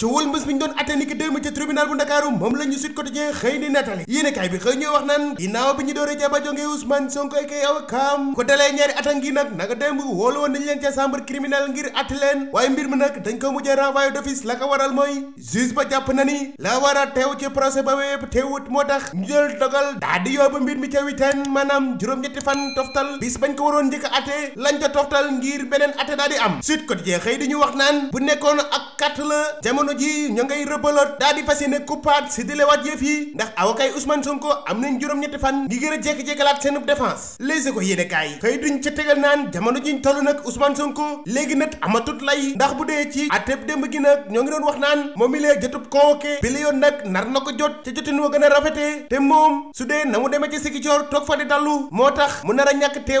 coowal mbës mi ñu doon atte ni ki démb ca tribunal bu ndakaaru moom la ñu Sud xëy di nettali yéenekaay bi xëy ñuy wax naan ginnaaw bi ñu dooree ca bajonge Ousmane Sonko ak ay awakaam ko dalee ñaari atam gi nag naka démb woolu woon nañu leen ca chambre criminelle ngir atte leen waaye mbir mi nag dañ ko mujjee renvoyé d'office la ko waral mooy juge ba jàpp na ni la war a teew ci procès ba wépp teewut moo tax ñu jël dogal daal di yóbbu jamono ji ña ngay rëbbaloot daal di fas yéene kuppaat si dilewaat yëf yi ndax awakaay Ousmane Sonko am nañ juróom-ñetti fan ngi gën a jékki-jékkalaat seenub défense léegi ko yéene xëy duñ ca tegal naan jamono jiñ toll nag Ousmane Sonko léegi nag amatut lay ndax bu dee ci atteb démb gi nag ñoo ngi doon wax naan moom i lee jotub convoqué bi nag nar na ko jot ca jotin wa gën a rafetee te moom su dee na mu demee ci Sigicoor toog fa di dallu moo tax mu a ñàkk teew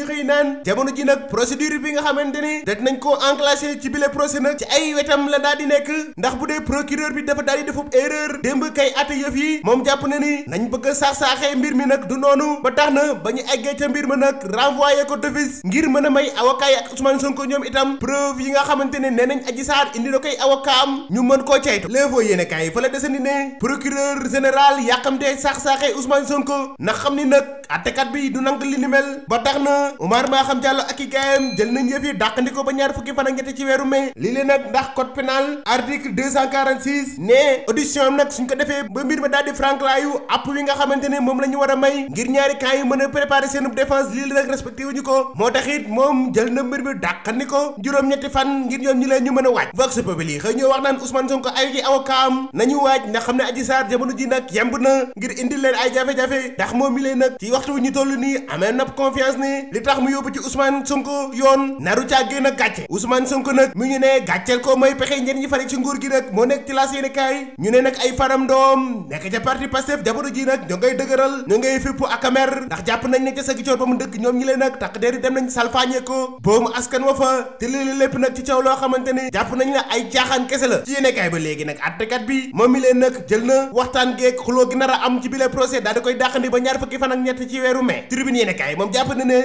ñuy xëy naan jamono ji nag procédure bi nga xamante ni det nañ koo enclenché ci bile procès nag ci ay wetam la daal nekk ndax bu dee procureur bi dafa daal di defub erreur démb kay atte yëf yi moom jàpp na ni nañ bëgg a saax-saaxee mbir mi nag du noonu ba tax ba ñu eggee ca mbir ma nag ko d'office ngir mën a may avocat yi ak Ousmane Sonko ñoom itam preuve yi nga xamante ne nee nañ Adji Sarr indi na koy avocat am ñu mën koo ceytu léefoo yéene kaay fa la desandi ne procureur général yàqamte saax-saaxee Ousmane Sonko ndax xam ni nag attekat bi du nangu Omar Maham Diallo ak i gaayam jël nañ yëf yi dàqandi ba ñaar fukki fan ak ñetti ci weeru mai lii leen nag ndax code pénal article 246 ne audition am nag suñ ko defee ba mbir ma daal di franklaayu app wi nga xamante ne moom la war a may ngir ñaari camp mën a préparer seen défense lii leen nag respecté wuñu ko moo tax moom jël na mbir mi dàqandi juróom-ñetti fan ngir ñoom ñi leen ñu mën a waaj vox populi xëy ñoo wax li tax mu yóbbu ci Ousmane Sonko yoon naru caa génn a gàcce Ousmane Sonko nag mu ñu ne gàcceel ko mooy pexe ñenn ñi fare ci nguur gi nag moo nekk ci laas yéene kaay ñu ne nag ay faram doom nekk ca parti Pastef jamono ji nag ñoo ngay dëgëral ñoo ngay fépp ak mer ne ca sa gicoor ba mu nañ salfaañe ko boobu askan wa fa te léeg-léeg lépp nag ci caw loo xamante ne jàpp nañ la ay jaaxaan kese la ci yéene ba léegi nag attekat bi moom mi leen nag jël na waxtaan geeg xuloo gi nar a am ci bile procès daal koy dàqandi ba ñaar fukki fan ak ñett ci weeru mai tribune yéene moom jàpp na ne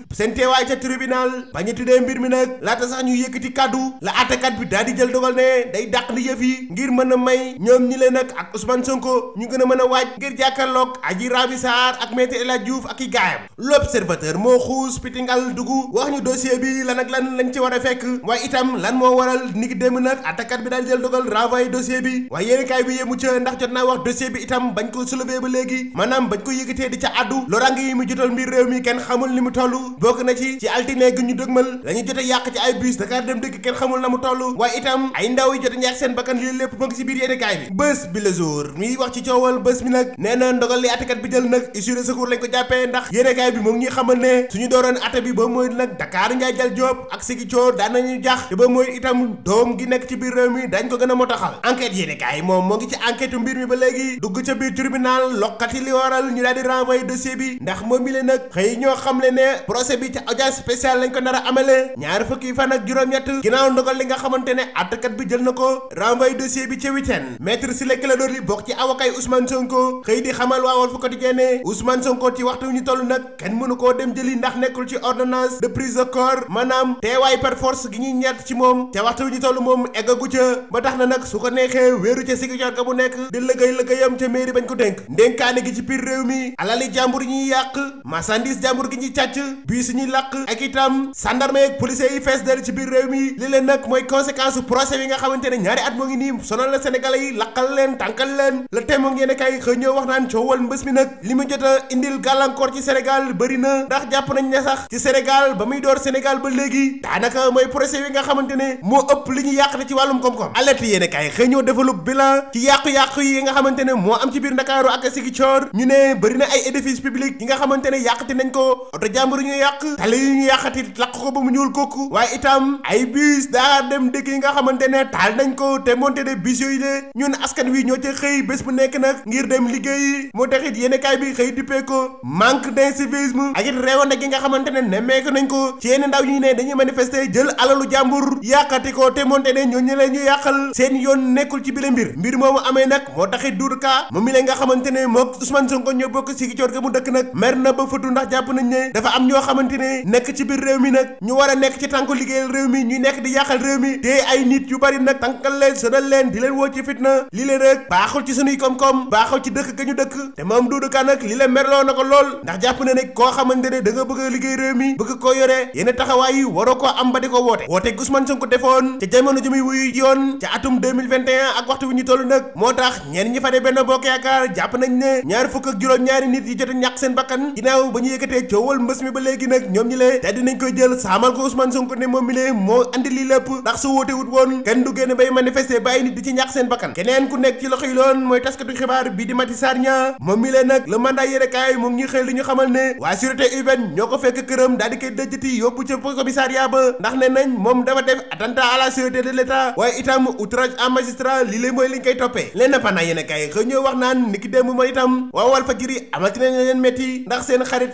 seen teewaay ca tribunal ba ñu mbir mi nag laata sax ñu yëkkati kàddu la àttekat bi daal di jël dogal ne day dàq ni yëf yi ngir mën a may ñoom ñi leen nag ak Ousmane Sonko ñu gën a mën a waaj ngir jàkkaarloog Adji Raby Sarr ak Maître El Hadji Diouf ak i gaayam l'observateur moo xuus pitingal dugg wax ñu dossier bi lan ak lan lañ ci war a fekk waaye itam lan moo waral niki démb nag àttekat bi daal jël dogal renvoyé dossier bi waaye yéen ndax jot naa wax itam bañ ko soulevé ba léegi maanaam bañ ko yëkkatee di ca àddu loraange yi mu jotal mbir réew mi kenn xamul li mu toll bokk na ci ci altine gi ñu dëgmal la jote yàq ci ay bus Dakar dem dëkk kenn xamul na mu toll waaye itam ay ndaw yi jote ñàkk seen bakkan lii lépp moom ñuy xamal ne suñu dooroon ate bi ba mooy nag Dakar njaay jal Jóob ak sigi coor jax te ba mooy itam doom gi nekk ci biir réew mi dañ ko gën a motaxal enquête yéenekaay moom moo ngi ci enquête mbir mi ba léegi dugg ca biir tribunal lokkati li waral ñu daal di renvoyer dossier bi ndax procès bi ci audience spéciale lañ ko nar a amalee ñaar fukki fan ak juróom-ñett ginnaaw ndogal li nga xamante ne àttekat bi jël na ko renvoyé dossier bi ci week-end maître Ciré Clédor Ly bokk ci avocat yi Ousmane Sonko xëy di xamal waa Walf Quotidien ne Ousmane Sonko ci waxtu ñu toll nag kenn mënu koo dem jëli ndax nekkul ci ordonnance de prise de corps maanaam teewaay par gi ñuy ñett ci moom ca waxtu ñu toll moom eggagu ca ba tax na nag su ko neexee wéeru ca Ziguinchor ga bu nekk di lëggéey lëggéeyam ca mairie bañ ko dénk ndénkaane gi ci biir réew mi alali jàmbur yàq marchandise jàmbur gi ñuy càcc bii suñuy làq ak itam sandarme ak policiers yi fees del ci biir réew mi li leen nag mooy conséquence procès yi nga xamante ñaari at moo ngi nii sonal la sénégalais yi laqal leen tànkal leen la tey moom yéen kay xëy ñoo wax naan coowal mbës mi nag li mu jot indil gàllankoor ci Sénégal bëri na ndax jàpp nañ ne sax ci Sénégal ba muy door Sénégal ba léegi daanaka mooy procès yi nga xamante ne moo ëpp li ñu yàq ci wàllum koom-koom alerte yéen kay xëy ñoo développe bilan ci yàqu-yàqu yi nga xamante ne moo am ci biir Ndakaaru ak Ziguinchor ñu ne bëri yi nga xamante ne yàqati nañ ko yàq tali yi ñu yàqati lakk ko ba mu ñuul kooku waaye itam ay bus daa dem dëkk yi nga xamante ne taal nañ ko te monte de bus yooyu de ñun askan wi ñoo ci xëy bés bu nekk nag ngir dem liggéeyi moo taxit yéenekaay bi xëy dippee ko manque d'incivisme ak it réewande gi nga xamante ne nemmeeku nañ ko ci yenn ndaw ñi ne dañuy manifester jël alalu jàmbur yàqati ko te monte ne ñoo ñu leen ñu yàqal seen yoon nekkul ci bile mbir mbir moomu amee nag moo taxit duudu kaa moom mi ne mook Ousmane mu dëkk nag na ba fëtu ndax jàpp nañ ne xamante ne nekk ci biir réew mi nag ñu war a nekk ci tànku liggéeyal réew mi ñu nekk di yàqal réew mi dee ay nit yu bari nag tànkal leen sënal leen di leen woo ci fitna li leen nag baaxul ci sunuy koom-koom baaxul ci dëkk ga ñu dëkk te moom Doudou Ka nag li leen merloo na ko lool ndax jàpp na ne koo xamante ne da nga bëgg a liggéey réew mi bëgg koo yore yenn taxawaay yi waroo koo am ba di ko woote woote Ousmane ko defoon ca jamono ji muy wuyu yoon ca atum 2021 ak moo tax ñenn ñi fa de benn bokk yaakaar jàpp nañ ne ñaar fukk ak juróom ñaari nit yi jot a ñàkk seen bakkan ginnaaw ba ñu mi ba léegi léegi nag ñoom ñi lee te dinañ koy jël saamal ko Ousmane Sonko ne moom mi lee moo andi lii lépp ndax su woote wut woon kenn du génn bay manifester bàyyi nit di ci ñàkk seen bakkan keneen ku nekk ci loxo yi loon mooy taskatu xibaar bi di Mati Sarr ña moom mi lee nag le mandat yérekaay moom ñuy xëy li ñu xamal ne waa sûreté urbaine ñoo ko fekk këram daal koy dëjjati yóbbu ca commissariat ba ndax ne nañ moom dafa def attentat à de l'État waaye mooy liñ koy toppee leen pana yéenekaay xëy ñoo wax naan niki démb mooy itam waa Walfadjri amati nañ leen metti ndax seen xarit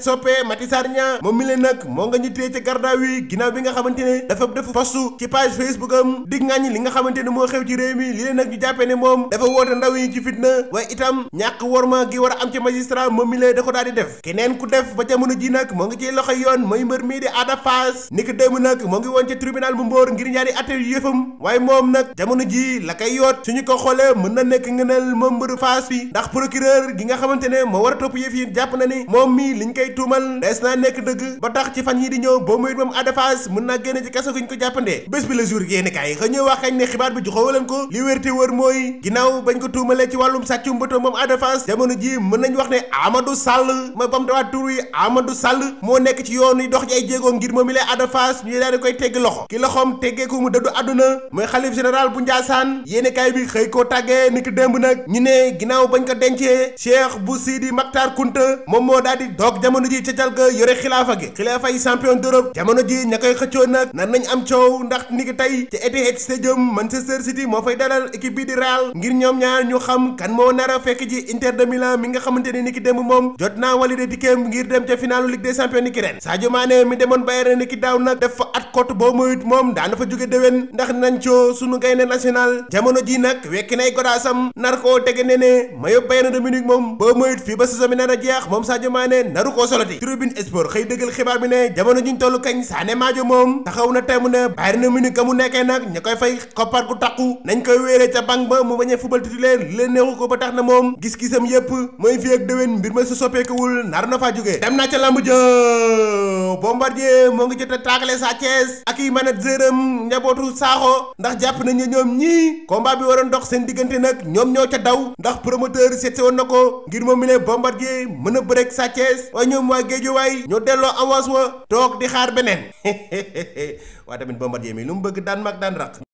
moom mi leen nag moo nga ñu téye ca garda wi ginnaaw bi nga xamante ne dafa def postu ci page facebook am dig ngaañi li nga xamante ne moo xew ci réew mi li leen nag ñu jàppee ne moom dafa woote ndaw yi ci fitna waaye itam ñàkk worma gi war a am ci magistrat moom mi leen da ko daal di def keneen ku def ba jamono ji nag moo ngi ciy loxo yoon mooy mbër mii di Ada Fass ni ko démb nag moo ngi woon ca tribunal bu Mbour ngir ñaari atte yu yëfam waaye moom nag jamono ji la koy yoot suñu ko xoolee mën na nekk ngëneel moom mbëru Fass bi ndax procureur gi nga xamante ne moo war a topp yëf yi jàpp na ni moom mi liñ koy tuumal des naa nekk dëgg dëgg ba tax ci fan yi di ñëw boo muyut moom Ada Fass mën naa génn ci kaso guñ ko jàppandee bés bi la jour yéeni kaay xëy ñëw wax kañ ne xibaar bi joxoo leen ko li wër mooy ginnaaw bañ ko tuumalee ci wàllum sàccum bëtoo moom Ada Fass jamono ji mën nañ wax ne Amadou Sall ma bamtawaat tur yi Amadou Sall moo nekk ci yoon yi dox ci ay jéegoo ngir moom i lee Ada Fass ñuy daal di koy tegg loxo ki loxoom teggee ko mu dëddu àdduna mooy xalif général bu Njaasaan yéeni kaay bi xëy koo tàggee ni ki démb nag ko dencee moo daal di doog jamono ji ca xilaafa gi xilaafay champion d'Europe jamono ji ña koy xëccoo nag nar nañ am coow ndax ni ki tey ci Stadium Manchester City moo fay dalal équipe bi di Real ngir ñoom ñaar ñu xam kan moo nar a fekk ji Inter de Milan mi nga xamante ni ni ki moom jot naa walide dikkeem ngir dem ca finalu Ligue des Champions ni ki ren Sadio Mané mi demoon Bayern ni ki daaw nag def fa at cote boo moyut moom daana fa jóge déwén ndax nancoo sunu gaynde national jamono ji nag a dëggal xibaar bi ne jamono juñ tollu kañ Sané Madio moom taxaw na temm ne Bayern Munich ka mu nekkee nag ña koy fay koppar gu takku nañ koy wéeree ca banque ba mu bañ a fubal titulaire leen neexu ko ba tax na moom gis-gisam yépp mooy fi ak déwén mbir ma su soppeekuwul nar na faa jógee dem naa ca lamb ja Bombardier a taakale Sa Thiès ak i ndax jàpp nañ ñoom ñii combat bi waroon dox seen diggante nag ñoom ñoo ca daw ndax promoteur seet si woon na ko ngir moom mi ne Bombardier mën a bëreeg delloo avance wa toog di xaar beneen waa tamit Bombardier mi lu mu bëgg daan mag daan raq